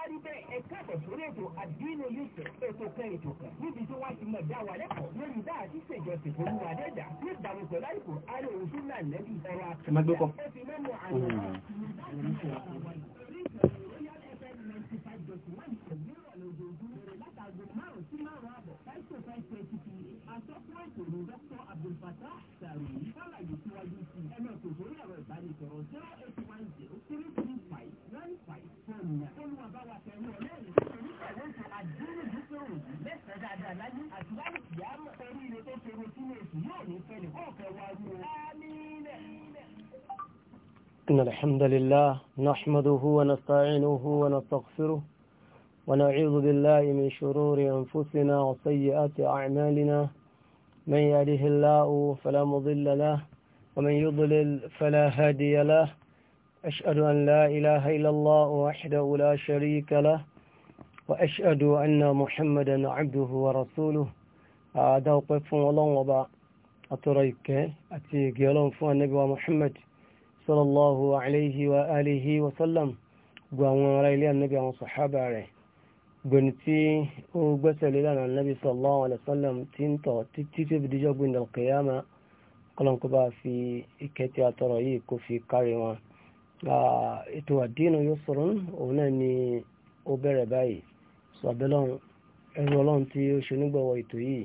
bá rí bẹ́ẹ̀ ẹ káàbọ̀ sórí ètò àdínú yusuf ètò kan ètò kan níbi tí wọ́n ti mọ̀ dá wa lẹ́kọ̀ọ́ lórí bá a ti ṣèjọsìn fún wa dẹ́dà ní ìdààmú pẹ̀lú àìkú alẹ́ òun súnà lẹ́bí ọ̀rọ̀ àtúntà ó àwọn Àsọ́kùnrin إن الحمد لله نحمده ونستعينه ونستغفره ونعوذ بالله من شرور أنفسنا وسيئات أعمالنا من يهده الله فلا مضل له ومن يضلل فلا هادي له أشهد أن لا إله إلا الله وحده لا شريك له وأشهد أن محمدا عبده ورسوله هذا وقف الله وبا أتريك أتيك يلون فوى النبي محمد sallallahu alayhi wa alihi wa sallam gbọ́ àwọn ará ilé ànábì àwọn sàhábà rẹ̀ gbẹ̀ni tí ó gbẹ́sẹ̀ lé lánàá ànábì sallallahu alayhi wa sallam tí ń tọ̀ títí tó fi díjọ́ gbẹ̀ndà kìyàmá kọ́lọ́nkọ́ bá fi ìkẹ́tì àtọ̀rọ̀ yìí kó fi kárí wọn ètò àdínà yóò sọ̀rọ̀ òun náà ni ó bẹ̀rẹ̀ báyìí sọ abẹ́lọ́run ẹrù ọlọ́run tí ó ṣe onígbọ̀wọ́ ètò yìí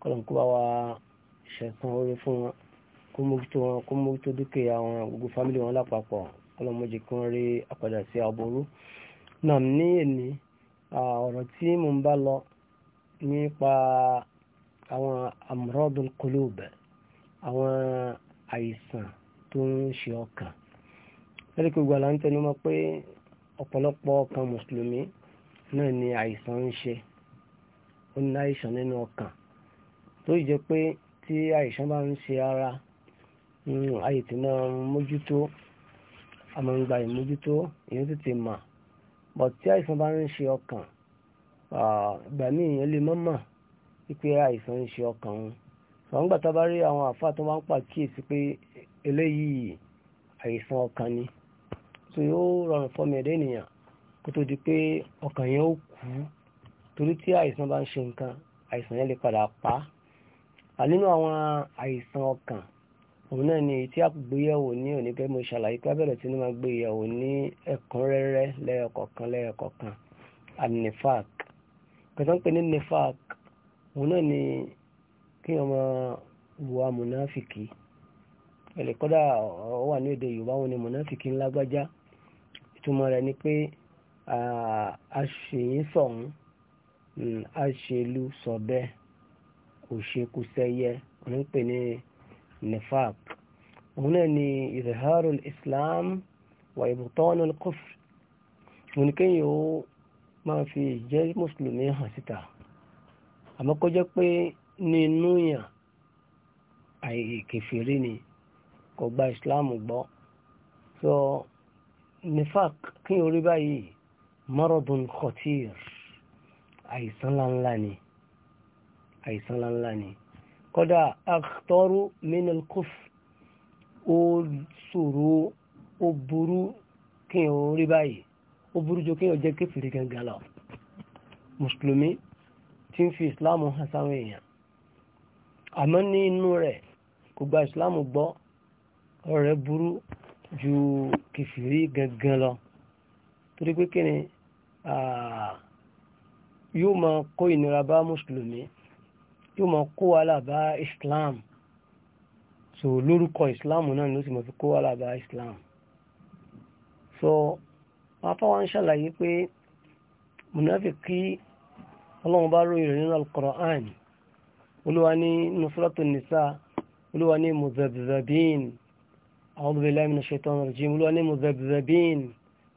kọ́lọ́nkọ́ bá wa ṣẹ̀san oore fún wọn kó mójútó wọn kó mójútó dúkìá wọn gbogbo fámìlì wọn lápapọ̀ ọlọ́mọdé kí wọ́n rí àpàdà sí aburú náà ní èní ọ̀rọ̀ tí mo ń bá lọ nípa àwọn amradul qulub àwọn àìsàn tó ń ṣe ọkàn lẹ́yìn pé gbọ́dọ̀ ń tẹnu mọ́ pé ọ̀pọ̀lọpọ̀ ọkàn mùsùlùmí náà ni àìsàn ń ṣe ó ní àìsàn nínú ọkàn tó yìí jẹ́ pé tí àìsàn bá ń ṣe ara Hmm, ayé tí máa mójútó amọ̀ǹgbà ìmójútó èyí tó ti mà bọ̀ tí àìsàn bá ń ṣe ọkàn ìgbà míì èèyàn lè mọ́mọ́ wípé àìsàn ń ṣe ọkàn òun sọ̀ǹgbà tá a bá rí àwọn àfáà tó máa ń pàkíyèsí pé eléyìí àìsàn ọkàn ni tó yóò rọrùn fọmọ ẹ̀dá ènìyàn kó tó di pé ọkàn yẹn ó kú torí tí àìsàn bá ń ṣe nǹkan àìsàn yẹn lè padà pa á nínú àwọn àìsàn ọkàn òun náà ni èyí tí a gbé yẹ̀wò ní òní pé mo ṣàlàyé pé tí ní máa gbé yẹ̀wò ní ẹ̀kúnrẹ́rẹ́ lẹ́yọkọ̀kan lẹ́yọkọ̀kan anifak kẹsàn-án pé ní nifak òun náà ni kí wọ́n máa wo amúnáfìkì ẹ̀lẹ́ kọ́dà ọ wà ní èdè Yorùbá wọn ni mùnáfìkì ńlágbájá ìtumọ̀ rẹ̀ ni pé aṣèyí sọ̀hún aṣèlú sọ̀bẹ òṣèkùsẹ̀yẹ òun ń pè ní. nifaq òun náà ni ìzìhárò islam wà ìbùtọ́nù kófù òun kéyìn ó máa fi jẹ́ mùsùlùmí hàn síta àmọ́ kó jẹ́ pé nínú yàn àìkèfèrí ni kò gba islam gbọ́ so nifaq kíyìn orí báyìí maradun khatir àìsàn láńlá ni àìsàn láńlá ni kọ́dà akhtọ́rú minal kuf ó ṣòro ó burú kí n ò rí báyìí ó burú jù kí n ò jẹ́ kéfìrí gangan lọ mùsùlùmí tí ń fi ìsìláàmù hàn sáwọn èèyàn àmọ́ ní inú rẹ̀ kò gba ìsìláàmù gbọ́ rẹ̀ burú ju kèfìrí gangan lọ torí pé kí ni yóò máa kó ìnira bá mùsùlùmí yóò mọ kó wàhálà bá islam so lórúkọ islam náà ló sì mọ̀ fi kó wàhálà bá islam so pápá wa ń ṣàlàyé pé munafiki ọlọ́run bá ròyìn rẹ̀ nínú al-Qur'an olúwa ní nusratu nisa olúwa ní muzabzabin a'udhu billahi minash shaitanir rajim olúwa ní muzabzabin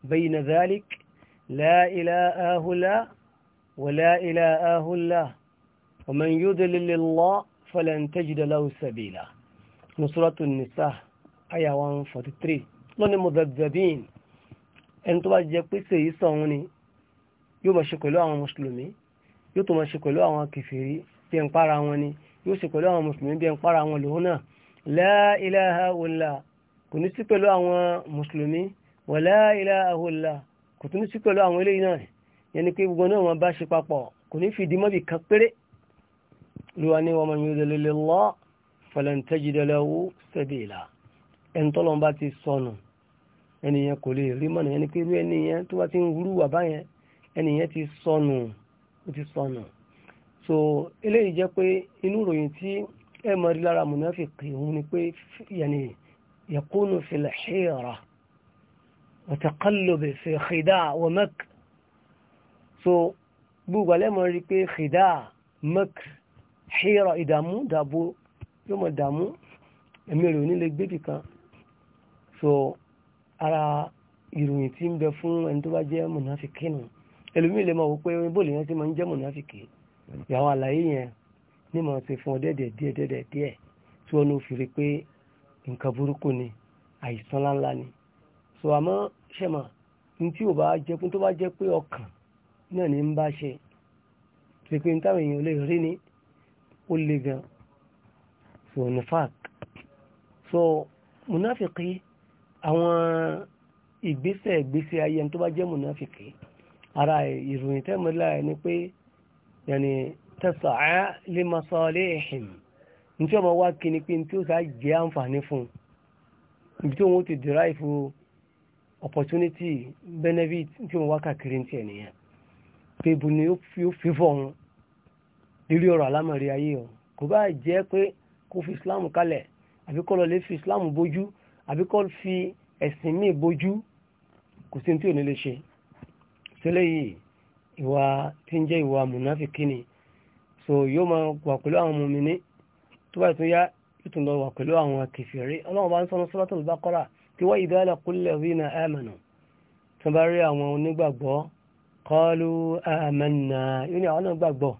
bayna dhalik la ilaha illa wa la ilaha illa ومن يضلل الله فلن تجد له سبيلا من سورة النساء آية 143 lọ́ni mudhabbin ẹni tó bá jẹ pé ṣe yìí sọ̀hún ni yóò máa ṣe pẹ̀lú àwọn mùsùlùmí yóò tó máa ṣe pẹ̀lú àwọn kèfèrí bí ẹn para wọn ni yóò ṣe pẹ̀lú àwọn mùsùlùmí bí ẹn para wọn lòun náà la ilaha kò ní sí pẹ̀lú àwọn mùsùlùmí wa la ilaha kò tún ní sí pẹ̀lú àwọn eléyìí náà yẹn ni pé gbogbo náà wọn bá ṣe papọ̀ kò ní fìdí mọ́bì kan péré lúwani wa man yudlilillah falan tajida lahu sabila ẹni tọ́lọ́n bá ti sọnù ẹnìyẹn kò lè rí mọ́nà ẹni pé irú ẹnìyẹn tó bá ti ń wúrú wà báyẹn ẹnìyẹn ti sọnù ó ti sọnù so eléyìí jẹ́ pé inú ìròyìn tí ẹ mọ̀ rí lára mùnáfìkì òun ni pé yẹnì yakunu fil hira wa fi khida wa mak so gbogbo alẹ́ mọ̀ rí pé khida mak híra ìdààmú dàbò yóò mọ̀ dààmú ẹ̀mí rẹ̀ ò gbébì kan so ara ìròyìn tí ń bẹ fún ẹni tó bá jẹ́ mùnáfíkì nù ẹlòmíì lè máa wò pé bóòlù yẹn ti máa ń jẹ́ mùnáfíkì ìyàwó àlàyé yẹn ní màá ṣe fún ọ dẹ́dẹ̀ díẹ̀ díẹ̀ tí wọ́n ní ó pé nǹkan burúkú ni àìsàn láńlá ni so àmọ́ ṣẹ̀mà ní tí ò bá jẹ́ pé tó bá jẹ́ pé ọkàn náà ní ń bá ṣe pé pé ní táwọn èèyàn lè rí ni ó le gan so nufak so munafiki àwọn ìgbésẹ̀ ìgbésẹ̀ ayé tó bá jẹ́ munafiki ara ìròyìn tẹ́mọ̀lá ẹni pé yàní tẹ́sàá lè máa sọ lé ẹ̀hìn ní tí ọmọ wá kí ni pé tí ó sá jẹ́ àǹfààní fún ibi tí wọ́n ti derive opportunity benefit tí wọ́n wá kàkiri ti ẹ̀nìyàn pé ibù ni ó fi fọ́ wọn lórí ọ̀rọ̀ alámọ̀rí ayé o kò bá jẹ́ pé kó fi islam kalẹ̀ àbí kó lọ lè fi islam bójú àbí kó fi ẹ̀sìn míì bójú kò sí ní tí ò ní lè ṣe sílẹ̀ yìí ìwà tí ń jẹ́ ìwà mùnáfíkí ni so yóò máa wà pẹ̀lú àwọn mùmíní tó bá tó yá yóò tún lọ wà pẹ̀lú àwọn kèfèrí ọlọ́run bá ń sọ́nà Suratul Baqara tí wa idha laqul ladhina amanu tó bá rí àwọn onígbàgbọ́ qalu amanna yóò ní àwọn náà gbàgbọ́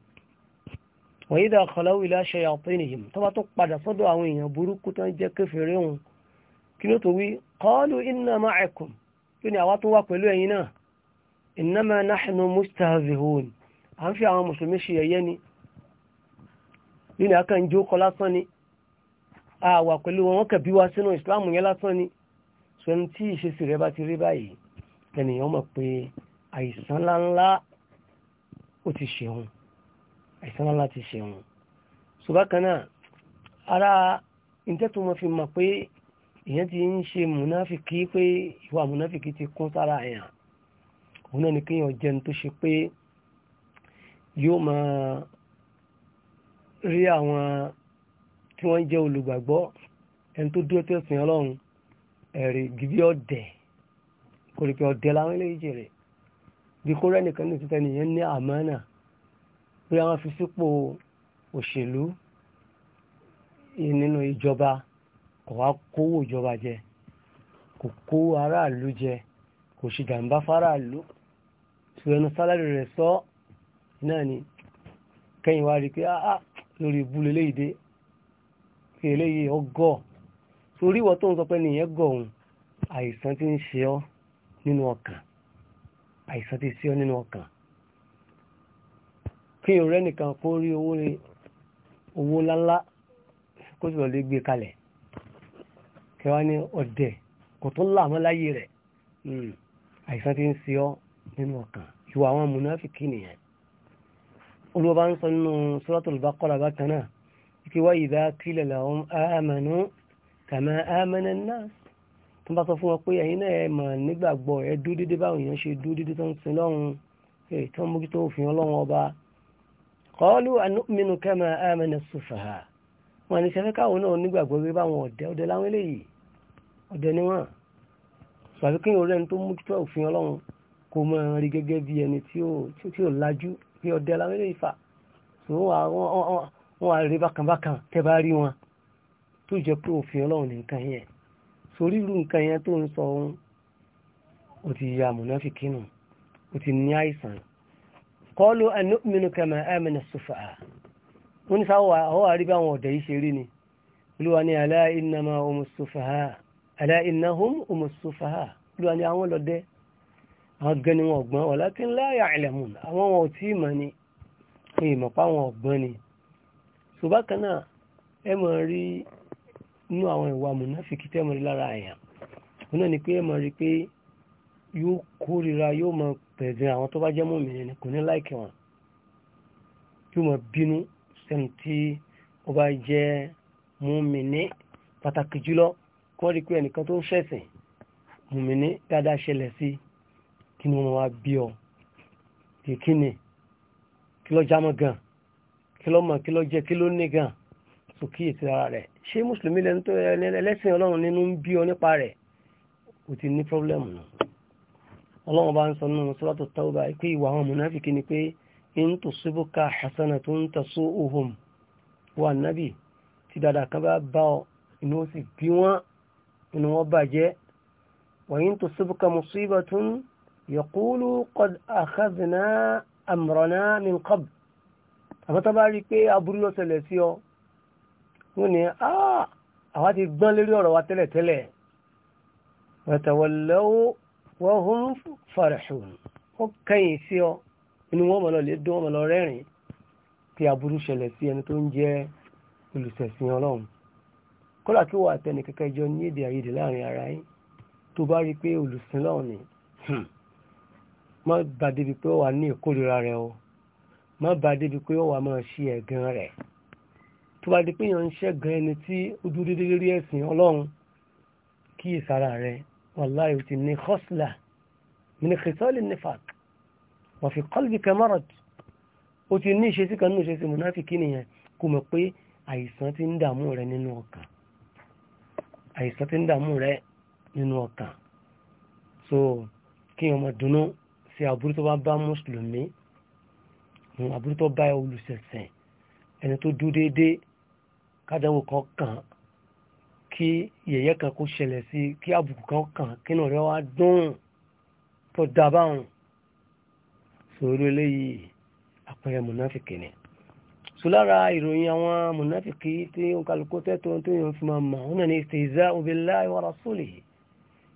wọ́n yídà kọlọ́wì láṣẹ àpẹ́ nìyẹn tó bá tó padà sọ́dọ̀ àwọn èèyàn burúkú tó ń jẹ́ kèfèrí òun kí ló tó wí qalu inna ma'akum kí ni àwa tó wà pẹ̀lú ẹ̀yin náà innama nahnu mustahzihun à ń fi àwọn mùsùlùmí ṣe ẹ̀yẹ́ ni kí ni àkàn jó kọ lásán ni àwà pẹ̀lú wọn kẹ̀ bí wá sínú ìsìláàmù yẹn lásán ni sọ́ni tí ìṣesí rẹ̀ bá ti rí báyìí tẹnìyàn mọ̀ pé àìsàn ńláńlá ó ti ṣeun àìsàn ńlá ti ṣe wọn. ṣùgbọ́n ara ìtẹ́ tó fi mọ̀ pé èèyàn ti ń ṣe múnáfìkì pé ìwà múnáfìkì ti kún sára èèyàn òun náà ni kéèyàn jẹun tó ṣe pé yóò máa rí àwọn tí wọ́n jẹ́ olùgbàgbọ́ ẹni tó dúró tẹ̀sìn ọlọ́run ẹ̀rì gidi ọ̀dẹ̀ kò rí pé ọ̀dẹ̀ láwọn eléyìí jèrè bí kó rẹ́nìkan ní ìtútẹ́ nìyẹn ní àmánà pé àwọn fi sípò òṣèlú nínú ìjọba kò wá kówó ìjọba jẹ kò kówó aráàlú jẹ kò ṣe jàǹbá fáráàlú tó ẹnu sálárì rẹ̀ sọ náà ni kẹ́yìn wá rí pé áá ah, ah, lórí ìbúlé léyìí pé eléyìí ọgọ́ torí ìwọ tó ń sọ pé nìyẹn gọ̀ òun àìsàn ti ń ṣe ọ́ nínú ọkàn àìsàn ti ṣe ọ́ nínú ọkàn kí n rẹ́ nìkan kó rí owó rẹ̀ owó láńlá kó sì lọ́ọ́ lè gbé kalẹ̀ kẹwàá ní ọ̀dẹ̀ kò tó láàmọ́ láyé rẹ̀ hmm. àìsàn ti ń ṣe ọ́ nínú ọkàn ìwà àwọn amúnáfíkì nìyẹn olúwa bá ń sọ nínú Suratul Baqara bákan náà wípé wa idha qila lahum amanu kama amana an-nas tó bá sọ fún wọn pé ẹ̀yin náà ẹ mà nígbàgbọ́ ẹ dúdédé báwọn èèyàn ṣe dúdédé tó ń sin lọ́run tí wọ́n mójútó òfin ọlọ́run ọba kọlu anúmínú kẹmà àmìnà sùfàá wọn ni sẹfẹ́ káwọn náà nígbàgbọ́ rí báwọn ọ̀dẹ́ ọ̀dẹ́ láwọn eléyìí ọ̀dẹ́ ni wọ́n sàbí kí orí ẹni tó mú títọ́ òfin ọlọ́run kò mọ rí gẹ́gẹ́ bí ẹni tí ó lajú bí ọ̀dẹ́ láwọn eléyìí fà wọ́n àrí bákanbákan tẹ́ bá rí wọn tó jẹ́ pé òfin ọlọ́run ní nǹkan yẹn sórí irú nǹkan yẹn tó ń sọ ohun ó ti ya mùnáfìkínù ó ti ní àìsàn kọlu anúmínú kẹmẹ ẹmìnà sọfà wọn ni sáwọ àwọn àríbá àwọn ọ̀dẹ̀ yìí ṣe rí ni olúwa ni aláìnàmà ọmọ sọfà aláìnàhùn ọmọ sọfà olúwa ni àwọn lọdẹ àwọn gẹni wọn ọgbọ́n wà láti ńlá ya'lamun àwọn wọn ò tí ì mọ̀ ni fún ìmọ̀pá àwọn ọgbọ́n ni ṣùgbọ́n kan náà pẹ̀lú àwọn tó bá jẹ́ mọ́mìnì ni kò ní láìkì wọn yóò mọ̀ bínú sẹ́ni tí ó bá jẹ́ mọ́mìnì pàtàkì jùlọ kí wọ́n rí pé ẹnìkan tó ń ṣẹ̀sìn mọ́mìnì dáadáa ṣẹlẹ̀ sí kí ni wọ́n wá bí ọ kì kí ni kí ló jámọ́ gan kí ló mọ̀ kí ló jẹ́ kí ló ní gan tó kíyèsí ara rẹ̀ ṣé mùsùlùmí lẹni tó ẹlẹ́sìn ọlọ́run nínú ń bí ọ nípa rẹ̀ kò ti ní pọ́blẹ́mù náà ọlọ́run bá ń sọ nínú suratu tauba pé ìwà àwọn mùnáfíkì ni pé in tusibuka hasanatun tasu'uhum wà nábì tí dáadáa kan bá bá ọ inú ó sì bí wọ́n inú wọ́n bàjẹ́ wa in tusibuka musibatun yaqulu qad akhadna amrana bá rí wọ́n ní ah, àwa ti gbọ́n lérí ọ̀rọ̀ wa tẹ́lẹ̀tẹ́lẹ̀ wa wọ́n hún farahun ó kẹ́yìn sí ọ inú wọn mọ̀ lọ lè dún wọn mọ̀ lọ rẹ́rìn kí aburú ṣẹlẹ̀ sí ẹni tó ń jẹ́ olùṣẹ̀sìn ọlọ́run kọ́lá kí wọ́n àtẹnì kẹ́kẹ́ jọ ní èdè àìyedè láàrin ara yín tó bá rí pé olùsìn lọ́run ni hmm, má bá débi pé ó wà ní ìkórira rẹ o má bá débi pé ó wà máa ṣe ẹ̀gàn rẹ̀ tó bá di pé èèyàn ń ṣẹ̀gàn ẹni tí ojú dédé rí ẹ̀sìn ọlọ́run kíyèsára rẹ̀ wallahi ó ti ní khosla min khisal an-nifaq wa fi qalbika marad ó ti ní ìṣesí kan ní ìṣesí munafiki nìyẹn kò mọ̀ pé àìsàn ti ń dààmú rẹ nínú ọkàn àìsàn ti ń dààmú rẹ nínú ọkàn so kí ọmọ dùnnú sí àbúrú tó bá bá mùsùlùmí àbúrú tó bá olùsẹ̀sẹ̀ ẹni tó dúdéédé kádàwó kan kàn án kí yẹ̀yẹ́ kan kó ṣẹlẹ̀ sí kí àbùkù kan kàn kínú rẹ̀ wá dùn tó dábàrùn sòrò eléyìí àpẹẹrẹ mùnáfìkì ni so lára ìròyìn àwọn mùnáfìkì tí ó kálukú tẹ́tọ́ tó yàn fi máa mọ̀ ọ́nà ní istihza'u billahi wa rasulihi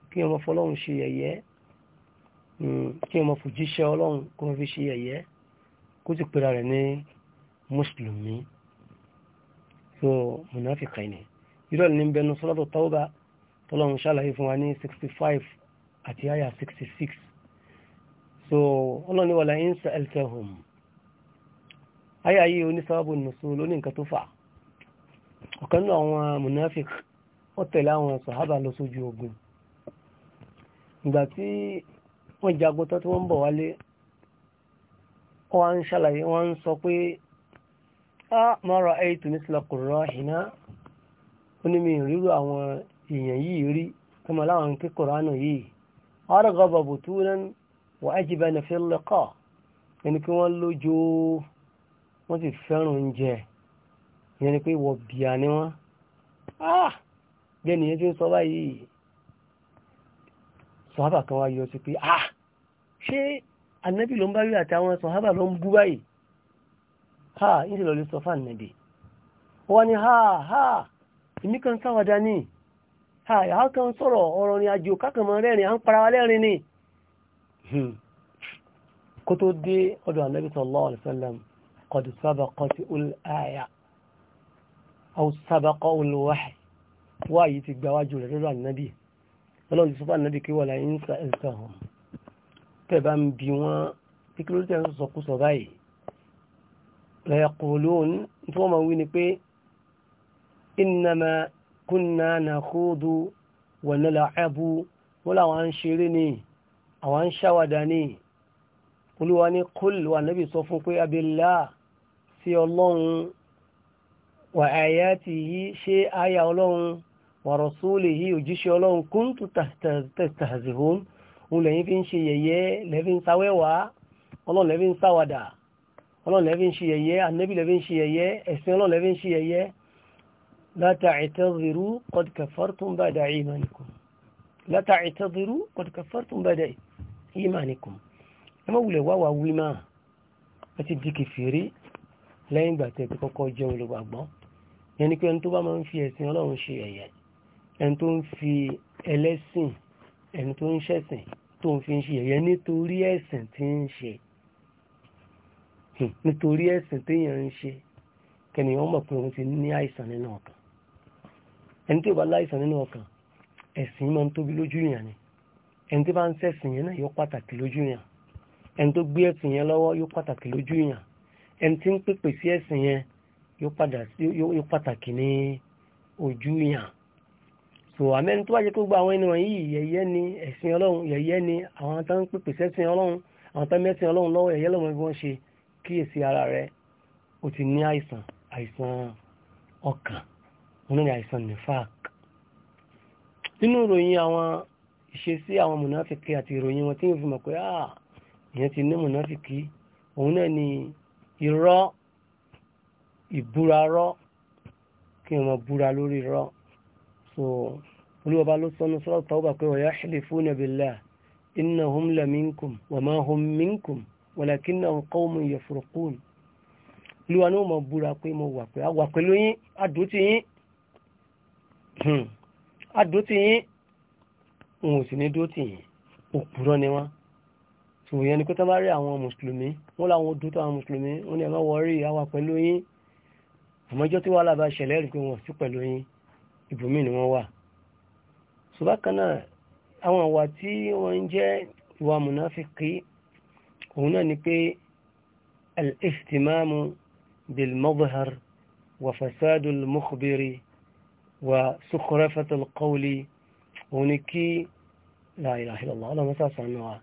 kí ọmọ fọlọ́run ṣe yẹ̀yẹ́ hmm, kí ọmọ fòjíṣẹ́ ọlọ́run kó fi ṣe yẹ̀yẹ́ kó sì pera rẹ̀ ní mùsùlùmí so mùnáfìkì ni irọ́ ní bẹnu sọ́lọ́tò tọ́wọ́bà tọ́lọ́run ṣàlàyé fún wa ní 65 àti àyà 66 so ọlọ́ni wà láyé ń sa eltehom àyà yìí onísàbàbò nùsùn lónìí nǹkan tó fà ọ̀kan náà àwọn munafik ó tẹ̀lé àwọn sàhábà lọ sójú ogun ìgbà tí wọ́n jagun tán tí wọ́n bọ̀ wálé wọ́n ń ṣàlàyé wọ́n ń sọ pé a ah, mara aitu misla qurrahina ó ní mi ìrírò àwọn èèyàn yìí rí ọmọ láwọn ń ké kòránù yìí arghaba butunan wa ajibana fil liqa ẹni pé wọ́n lójó wọ́n sì fẹ́ràn oúnjẹ ìyẹn ni pé wọ́n bìà ni wọ́n ah! bẹ́ẹ̀ nìyẹn tí ń sọ báyìí sọ̀hábà kan wá yọ sí pé ah ṣé ànábì ló ń bá rí àtàwọn sọ̀hábà ló ń bú báyìí ha ń sì lọ lè sọ fún wọ́n ní ha ha èmi kan sáwàdá ní àyà kan sọ̀rọ̀ ọ̀rọ̀ ni àjò kákàmọ́ rẹ́rin à ń para wa lẹ́rin ni hmm. kó tó dé ọ̀dọ̀ ànábì sallallahu alaihi wasallam qad sabaqatul aya aw sabaqatul wahy wáyìí ti gbáwájú rẹ̀ lọ́dọ̀ ànábì ọlọ́run ti sọ la ń sa ẹ̀sà hàn tẹ̀ bá ń bi wọ́n bí kí ló dé ń sọkúsọ ìnàmà kúnnà nàkóòdù wọ̀nàlà ẹbú wọ́n làwọn ń ṣeré ní àwọn ń ṣàwàdà ní olúwa ní kúlù ànábì sọ fún pé abẹ́lá sí ọlọ́run wà àyà ti yí ṣe àyà ọlọ́run wà rọ̀súlì yí òjíṣẹ́ ọlọ́run kúntù tàzìhún òun lẹ́yìn fi ń ṣe yẹ̀yẹ́ lẹ́fi ń ọlọ́run lẹ́fi ń ọlọ́run lẹ́fi ṣe yẹ̀yẹ́ ànábì lẹ́fi ṣe yẹ̀yẹ́ ẹ̀sìn ọlọ́run lẹ́fi ṣe yẹ̀yẹ́ لا تعتذروا قد كفرتم بعد إيمانكم لا تعتذروا قد كفرتم بعد إيمانكم ما wulẹ̀ wá wà wí máa wọ́n ti di kèfèrí lẹ́yìn ìgbà tẹ̀ kọ́kọ́ jẹ́ olùgbàgbọ́ yẹn ni pé ẹni tó bá máa ń fi ẹ̀sìn ọlọ́run ṣe ẹ̀yẹ ẹni tó ń fi ẹlẹ́sìn ẹni tó ń ṣẹ̀sìn tó ń fi ń ṣe ẹ̀yẹ nítorí ẹ̀sìn tí ń ṣe nítorí ẹ̀sìn téèyàn ń ṣe kẹ́nìyàn mọ̀ pé òun ti ní àìsàn nínú ọ̀kan ẹni tí ó bá láìsàn nínú ọkàn ẹ̀sìn máa ń tóbi lójú ìyàn ni ẹni tí bá ń sẹ̀sìn yẹn náà yóò pàtàkì lójú ìyàn ẹni tó gbé ẹ̀sìn yẹn lọ́wọ́ yóò pàtàkì lójú ìyàn ẹni tí ń pèpè sí ẹ̀sìn yẹn yóò pàtàkì ní ojú ìyàn so àmẹ́ni tó wá jẹ́ pé gbogbo àwọn ènìyàn yìí yẹ̀yẹ́ ni ẹ̀sìn ọlọ́run yẹ̀yẹ́ ni àwọn tó ń pèpè sẹ́sìn ọlọ́run àwọn tó mẹ́sìn ọlọ́run lọ́wọ́ wọn ní àìsàn nifak nínú ìròyìn àwọn ìṣesí àwọn mùnáfìkì àti ìròyìn wọn tí yóò fi mọ̀ pé ah ìyẹn ti ní mùnáfìkì òun náà ni irọ́ ìbúra rọ́ kí wọ́n búra lórí rọ́ so olúwọba ló sọ́nu sọ́rọ̀ tàwọ́bà pé wa yahlifuna billah innahum la minkum wa ní wọ́n mọ̀ búra pé mo wà pé a wà pẹ̀lú yín adùn ti yín Hmm. adótì yín òun ò sì ní dótì yín òpùrọ́ ni wọ́n ṣùgbọ́n yẹn ni pé tó bá rí àwọn mùsùlùmí wọ́n láwọn dótò àwọn mùsùlùmí wọ́n ní ẹ má wọrí àwa pẹ̀lú yín àmọ́jọ́ tí wàhálà bá ṣẹlẹ̀ rí pé wọ́n sí pẹ̀lú yín ibùmí ni wọ́n wà ṣùgbọ́n kan náà àwọn àwà tí wọ́n ń jẹ́ ìwà mùnáfíkì òun náà ni pé al-ihtimamu bil-mazhar wa fasadul mukhbiri wà sukhrafatul qawli òun ni kí la ilaha illallah ọlọ́mọsá sànú wa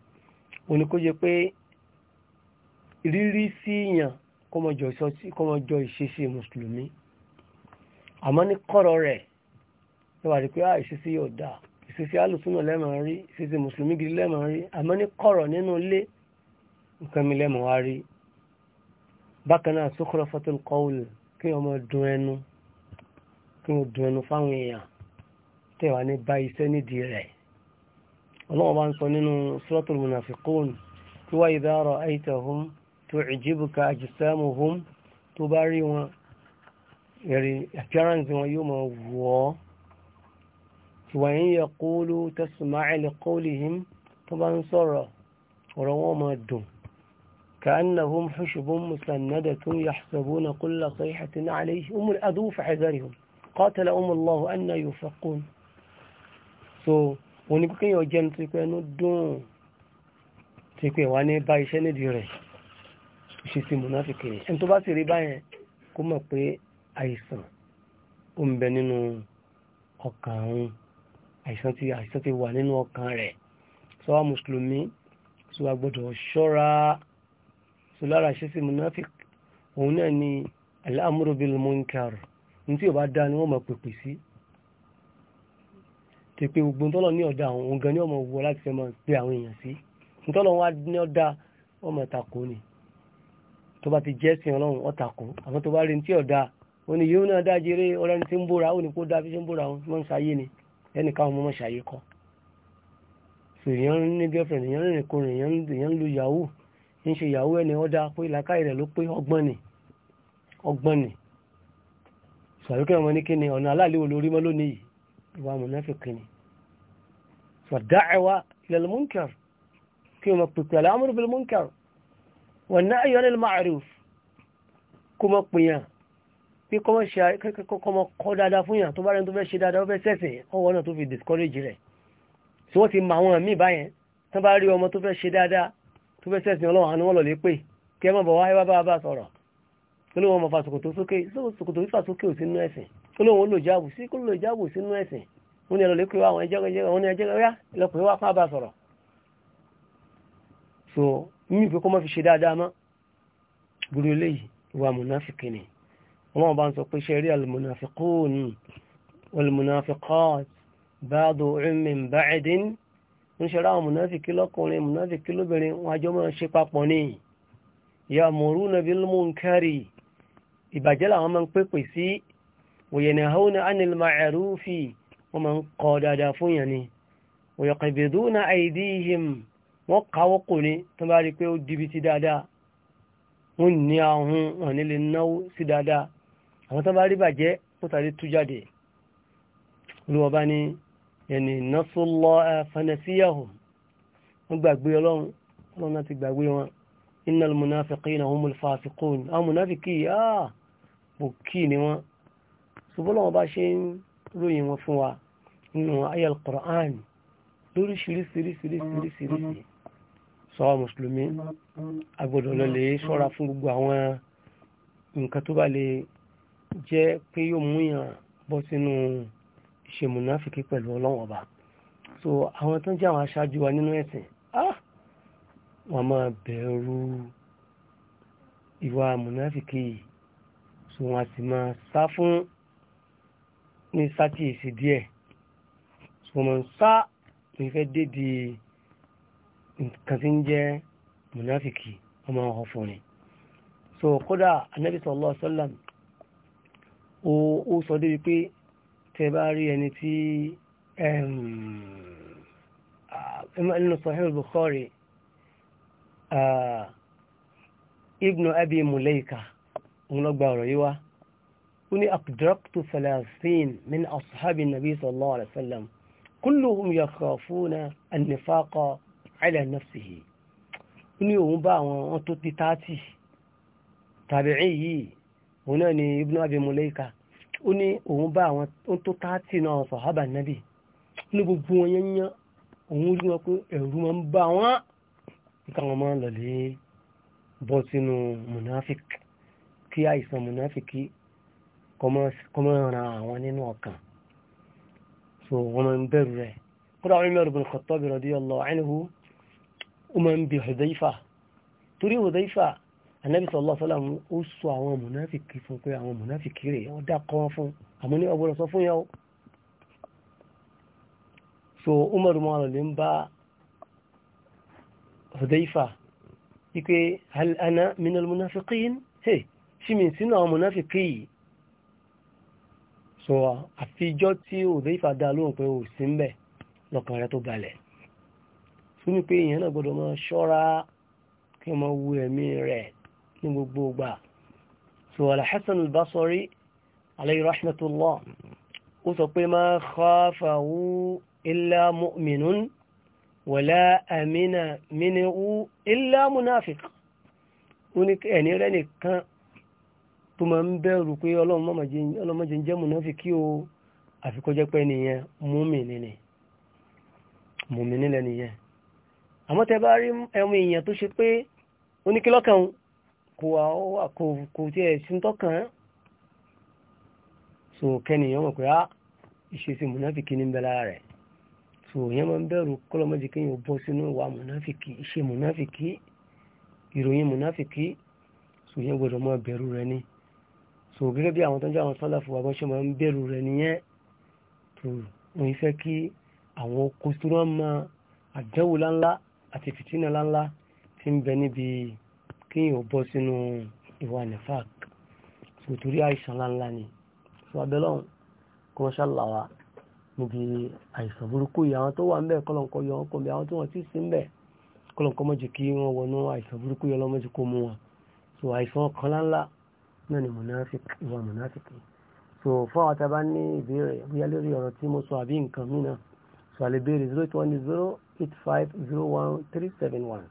òun ni kó jẹ pé rírí sí yàn kọmọjọ ìṣesí mùsùlùmí àmọ́ ní kọ́rọ̀ rẹ̀ lọ́wà rí pé ah, ìṣesí yóò dáa ìṣesí alùsùnà lẹ́mọ̀ rí ìṣesí mùsùlùmí gidi lẹ́mọ̀ rí àmọ́ ní kọ́rọ̀ nínú ilé nǹkan mi lẹ́mọ̀ wá rí bákan náà sukhrafatul qawl kí wọ́n mọ dun ẹnu kí wọ́n dùn ẹnu fáwọn èèyàn tẹ wà ní bá iṣẹ́ nídìí rẹ̀ ọlọ́wọ́ bá ń sọ nínú fi kóòn tí wáyé bá rọ tu'jibuka ajsamuhum tó ìjíbù ka tó bá rí wọn ẹ̀rí appearance wọn yóò máa wọ́ ọ́ wa kóòlù yaqulu tasma'u li yìí tó bá ń sọ̀rọ̀ ọ̀rọ̀ wọn máa dùn كأنهم حشب مسندة يحسبون كل صيحة عليهم هم الأدو فحذرهم قاتلهم الله أن يفقون so wọ́n ní pé kéèyàn jẹ́ ní tipẹ́ ẹnu dùn ti pé wà ní bá iṣẹ́ nídìí rẹ̀ ṣe sí mùnáfíkì ẹni tó bá sì rí báyẹn kó mọ̀ pé àìsàn ó ń bẹ nínú ọkàn òun àìsàn ti àìsàn ti wà nínú ọkàn rẹ̀ sọ́wọ́ mùsùlùmí sọ agbọ́dọ̀ ṣọ́ra sọ lára ṣe sí mùnáfíkì òun náà ni al bil munkar ní tí ò bá dá ni wọ́n mọ̀ pèpè sí tí pé gbogbo tọ́lọ̀ ní ọ̀dá àwọn ògan ní ọmọ owó láti fẹ́ mọ̀ pé àwọn èèyàn sí tọ́lọ̀ wá ní ọ̀dá wọ́n mọ̀ ni tó bá ti jẹ́ sin ọlọ́run ó tako àwọn tó bá rí tí ọ̀dá ó ní yóò náà dájere ọ̀rẹ́ ní tí ń bóra ó ní kó dá fi ṣe ń bóra wọn ń ṣayé ni ẹnìkan ọmọ ṣayé kọ́ èèyàn ní girlfriend èèyàn rìnrìn kò rìn èèyàn ń lu yahoo ń ṣe yahoo ẹni ọ̀dá pé làákàyè rẹ̀ ló pé sàrúkẹ́ wọn ní kíni ọ̀nà aláàlẹ́ olórí mọ́ lónìí ìwà mùnáfíkì ni fàdáẹ̀wà ilẹ̀ munkar kí o mọ̀ pẹ̀pẹ̀ aláàmúrù bil munkar wọn náà yọ ní ma'aruf kó mọ̀ pìyàn bí kọ́mọ̀ kọ́ dáadáa fún yàn discourage rẹ̀ tí wọ́n ti mọ àwọn míì báyẹn tó bá rí ọmọ tó fẹ́ ṣe dáadáa tó fẹ́ sẹ́sìn ọlọ́run olóhùn ọmọ fa sòkòtò sókè sòkòtò fífà sókè ò sínú ẹ̀sìn olóhùn olùjáàbù sí kó olùjáàbù sínú ẹ̀sìn wọn ni ẹlọlẹ pé wá àwọn ẹjẹgẹjẹ wọn ni ẹjẹgẹjẹ lọkùnrin wá fún abá so mí pé kó má fi ṣe dáadáa mọ́ gbúrú eléyìí ìwà mùnáfíkì ni wọn bá ń sọ pé ṣe rí al-munafiqun wal-munafiqat ba'duhum min ba'd ń ṣe ráwọn mùnáfíkì lọ́kùnrin mùnáfíkì lóbìnrin wọn àjọ máa ń ṣe papọ̀ ní ya'muruna bil munkari ìbàjẹ́ làwọn máa ń pèpè sí wayanahawna anil ma'rufi wọ́n máa ń kọ́ dáadáa fún yàn ni wayaqbiduna aydihim wọ́n káwọ́ kò ní tó bá rí pé ó dìbìtì dáadáa wọ́n ní ahun wọn nílé náwó sí dáadáa àwọn tó bá rí bàjẹ́ ó tàbí tú jáde olùwọ́bá ni ẹni nasullaha fanasiyahum wọ́n gbàgbé ọlọ́run ọlọ́run láti gbàgbé wọn innal munafiqina humul fasiqun àwọn munafiqi ah bòkí ni wọ́n ṣùgbọ́n bá ṣe ń ròyìn wọn fún wa nínú ayal Qur'an lóríṣiríṣiríṣiríṣiríṣi sọ́wọ́ mùsùlùmí agbọ́dọ̀ lọ lè ṣọ́ra fún gbogbo àwọn nǹkan tó bá lè jẹ́ pé yóò múyàn bọ́ sínú ìṣèmùnáfìkì pẹ̀lú ọlọ́wọ̀n ọba so àwọn tó ń jẹ́ àwọn aṣáájú wa nínú ẹ̀sìn ah wọ́n máa bẹ̀rù ìwà mùnáfìkì so wọn àti máa sá fún ní sákìyèsí díẹ̀ so wọn máa ń sá ní fẹ́ dédi nǹkan tí ń jẹ́ mùnáfìkì wọn máa hàn fún ni so kódà anabi sallallahu alaihi wasallam ó sọ débi pé tẹ bá rí ẹni tí nínú Sahih al-Bukhari ibnu abi mulaika òun lọ gba ọ̀rọ̀ yìí wá ó ní akdraktu salasin min ashabi nabi sallallahu alaihi wasallam kulluhum yakhafuna an-nifaqa ala nafsihi ó ní òun bá àwọn wọn tó ti táàtì tàbí'í yìí òun náà ni ibnu abi mulaika ó ní òun bá àwọn tó táàtì náà sahaba nabi ní gbogbo wọn yẹn yán òun rí wọn pé ẹ̀rù máa ń bá wọn nǹkan wọn máa ń lọlé bọ́ sínú munafik kí àìsàn mùnáfíkì kọmọ ran àwọn nínú ọkàn so wọ́n máa ń bẹ̀rù rẹ̀ kódà Umar ibn Khattab radiyallahu anhu ó máa ń bi Hudhayfa torí Hudhayfa Ànábì sallallahu alaihi wasallam ó sọ àwọn mùnáfíkì fún pé àwọn mùnáfíkì rẹ̀ ó so Umar mọ́rọ̀ lè ń bá Hudhayfa wípé hal ana minal hey tí mi sínú àwọn mùnáfíkì yìí so àfijọ́ tí òde ìfàdá lóhùn pé ò sí ń bẹ̀ lọ́kàn rẹ tó balẹ̀ fún mi pé èèyàn náà gbọ́dọ̀ máa ṣọ́ra kí ọmọ wu ẹ̀mí rẹ̀ ní gbogbo ìgbà so Al-Hasan Al-Basri alayhi rahmatullah ó sọ pé ma khafahu illa mu'minun wala amina minhu illa munafiq ó ní ẹni rẹ̀ nìkan tó máa ń bẹ̀rù pé ọlọ́mọdé ń jẹ́ mùnáfíkí o àfikọ́jẹ́ pé nìyẹn mùmínì ni mùmínì lẹ́nìyẹn àmọ́ tẹ bá rí ẹmu èèyàn so mọ̀ pé á ah, ìṣesí mùnáfíkí ní bẹ́ẹ̀ rẹ̀ so bẹ̀rù bọ́ sínú ìròyìn so gbọ́dọ̀ bẹ̀rù ni. so gẹ́gẹ́ bí àwọn tó ń jẹ́ àwọn sálàfù wa bọ́n ṣe máa ń bẹ̀rù rẹ̀ nìyẹn tó wọ́n yí fẹ́ kí àwọn kó tí wọ́n máa àdánwò láńlá àti fìtínà láńlá ti ń bẹ níbi kíyàn bọ́ sínú ìwà nefak so torí àìsàn láńlá ni so abẹ́lọ́hùn kọ́ wọ́n ṣàlàwà níbi àìsàn burúkú yìí àwọn tó wà ń bẹ̀ kọ́lọ̀kọ́ yọ wọn kọ́ bí àwọn tí wọ́n ti sí ń bẹ̀ kọ́lọ̀kọ́ mọ́jì náà ni monafik ìwà monafiki so fáwọn tá a bá ní ìbéèrè bóyá lórí ọ̀rọ̀ tí mo sọ àbí nǹkan mí so àlè béèrè zero eight one zero eight five zero one three seven one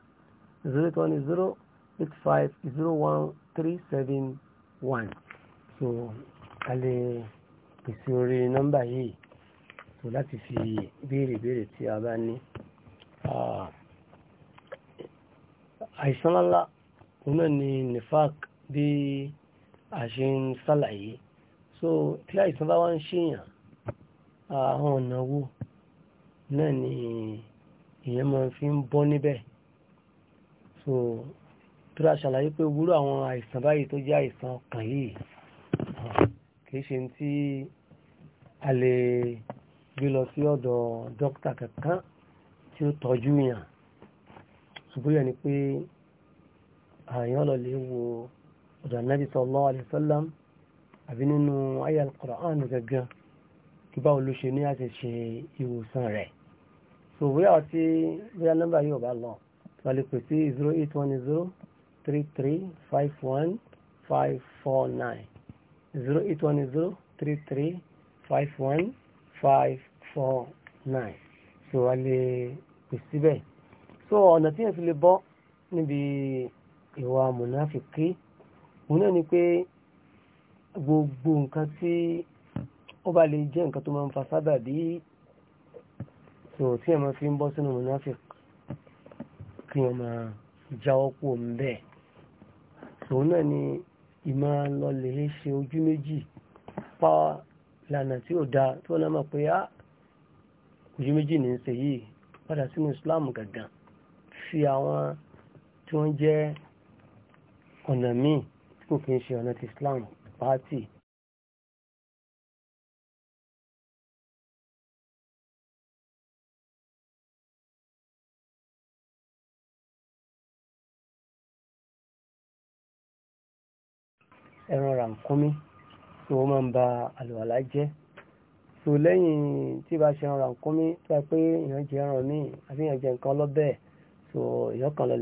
zero one zero eight five zero one three seven one so àlè pèsè orí nọ́mbà yìí so láti fi béèrè béèrè tí a bá ní ah, àìsàn lálá òun náà ni nifak bíi àṣẹ ń sàlàyé so tí àìsàn bá wá ń ṣèyàn àwọn ọ̀nà wo náà ni ìyẹn máa fi ń bọ́ níbẹ̀ so tí a ṣàlàyé pé wúrò àwọn àìsàn báyìí tó jẹ́ àìsàn ọkàn yìí kìí ṣe tí a lè gbé lọ sí ọ̀dọ̀ dókítà kankan tí ó tọ́jú yàn ṣùgbọ́n yẹn ni pé àyàn lọ lè wo ọ̀dọ̀ anábì sallallahu alaihi wasallam àbí nínú àyà al-Qur'an gangan kí báwo ló ṣe ní àti ṣe ìwòsàn rẹ̀ so bóyá ọtí bóyá nọ́mbà yóò bá lọ wọ́n lè pèsè zero eight one zero three three five one five four nine zero eight one zero three three five one so wọ́n pèsè bẹ́ẹ̀ so ọ̀nà tí yẹn fi lè bọ́ níbi ìwà mùnáfíkì òun náà ni pé gbogbo nǹkan tí ó bá lè jẹ́ nǹkan tó máa ń fa sábà bí tí ẹ̀mọ́ fi ń bọ́ sínú monafik kí wọ́n máa jáwọ́ pò ń bẹ́ẹ̀ òun náà ni ìmọ̀ lọlẹ̀ ṣe ojú méjì pa lànà tí ó da tí wọ́n náà mọ̀ pé ojú méjì ní ṣe yìí padà sínú Islam gàgàn fi àwọn tí wọ́n jẹ́ ọ̀nà míì kò kí ń ṣe ọ̀nà ti Islam pàátì ẹran rànkúnmí tí wọ́n máa ń ba àlùwàlá jẹ́ so lẹ́yìn tí bá ṣe ẹran rànkúnmí tó yẹ pé èèyàn jẹ ẹran míì àbí èèyàn jẹ nǹkan lọ́bẹ̀ so èèyàn kan lọ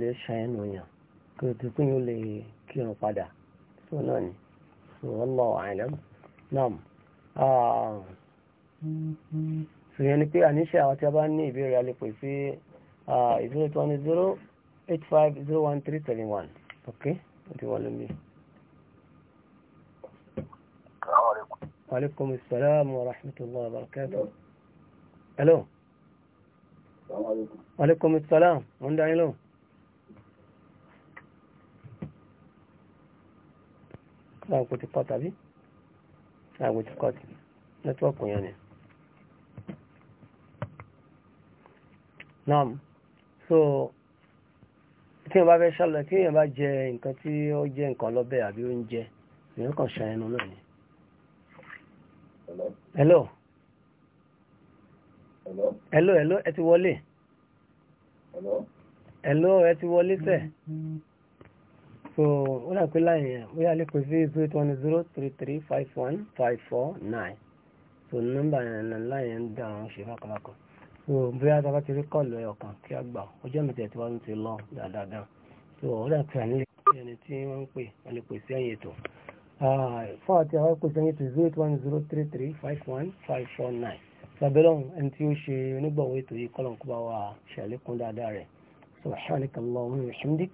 kí o ti pín in lè kírun padà tó náà ni wallahu a'lam nam ṣùgbọ́n ah. ni pé àníṣe àwọn tí a bá ní ìbéèrè alẹ́pẹ̀ sí ìbéèrè tó wà ní zero eight five zero one three seven one ok ó ti wà lómi. وعليكم السلام ورحمة الله وبركاته ألو وعليكم السلام من دعي láàpò ti kọ́ tàbí láàpò ti kọ́ tàbí nẹ́tíwọ́ọ̀kù yẹn ni. nam so tí wọ́n bá fẹ́ ṣàlọ̀ tí wọ́n bá jẹ nǹkan tí ó jẹ́ nǹkan lọ́bẹ̀ àbí oúnjẹ èèyàn kàn ṣe ẹnu náà ni. hello hello hello ẹ ti wọlé hello ẹ ti wọlé sẹ́ẹ̀ so ó dà pé láì yẹn ó yà two three three five one five four nine so number na nà láì yẹn ń dà àwọn so bóyá tá a bá ti rí kọ́ọ̀lù ẹ̀ ọ̀kan kí a gbà ọjọ́ mi tẹ̀ tí wọ́n ti lọ dáadáa gan so ó dà ni ànílẹ̀ ẹni tí wọ́n ń pè wọ́n lè pèsè ẹ̀yìn ètò fún àti àwọn pèsè ẹ̀yìn ètò zero two one zero three three five one five four nine sàbẹ̀lọ́n ẹni tí ó ṣe onígbọ̀wọ́ ètò yìí kọ́lọ̀ kó bá wa ṣàlékún dáadáa rẹ̀ subhanakallahumma wa bihamdik